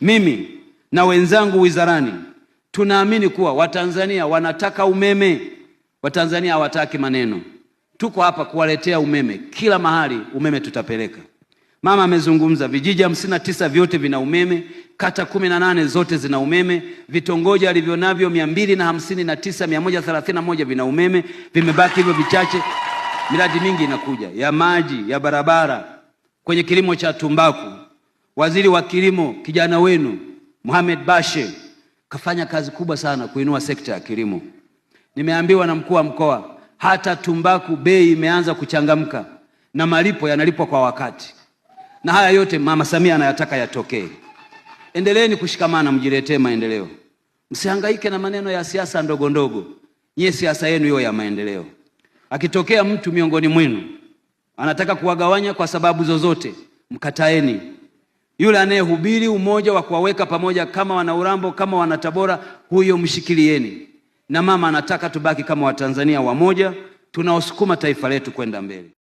mimi na wenzangu wizarani tunaamini kuwa Watanzania wanataka umeme, Watanzania hawataki maneno. Tuko hapa kuwaletea umeme kila mahali, umeme tutapeleka. Mama amezungumza, vijiji hamsini na tisa vyote vina umeme, kata kumi na nane zote zina umeme, vitongoji alivyo navyo mia mbili na hamsini na tisa mia moja thelathini na moja vina umeme, vimebaki hivyo vichache. Miradi mingi inakuja ya maji, ya barabara, kwenye kilimo cha tumbaku Waziri wa Kilimo kijana wenu Mohamed Bashe kafanya kazi kubwa sana kuinua sekta ya kilimo. Nimeambiwa na mkuu wa mkoa hata tumbaku bei imeanza kuchangamka na malipo yanalipwa kwa wakati, na haya yote Mama Samia anayataka yatokee. Endeleeni kushikamana, mjiletee maendeleo, msihangaike na maneno ya siasa ndogo ndogo. Nyie siasa yenu hiyo ya maendeleo. Akitokea mtu miongoni mwenu anataka kuwagawanya kwa sababu zozote, mkataeni. Yule anayehubiri umoja wa kuwaweka pamoja, kama wana Urambo, kama wana Tabora, huyo mshikilieni. Na mama anataka tubaki kama Watanzania wamoja tunaosukuma taifa letu kwenda mbele.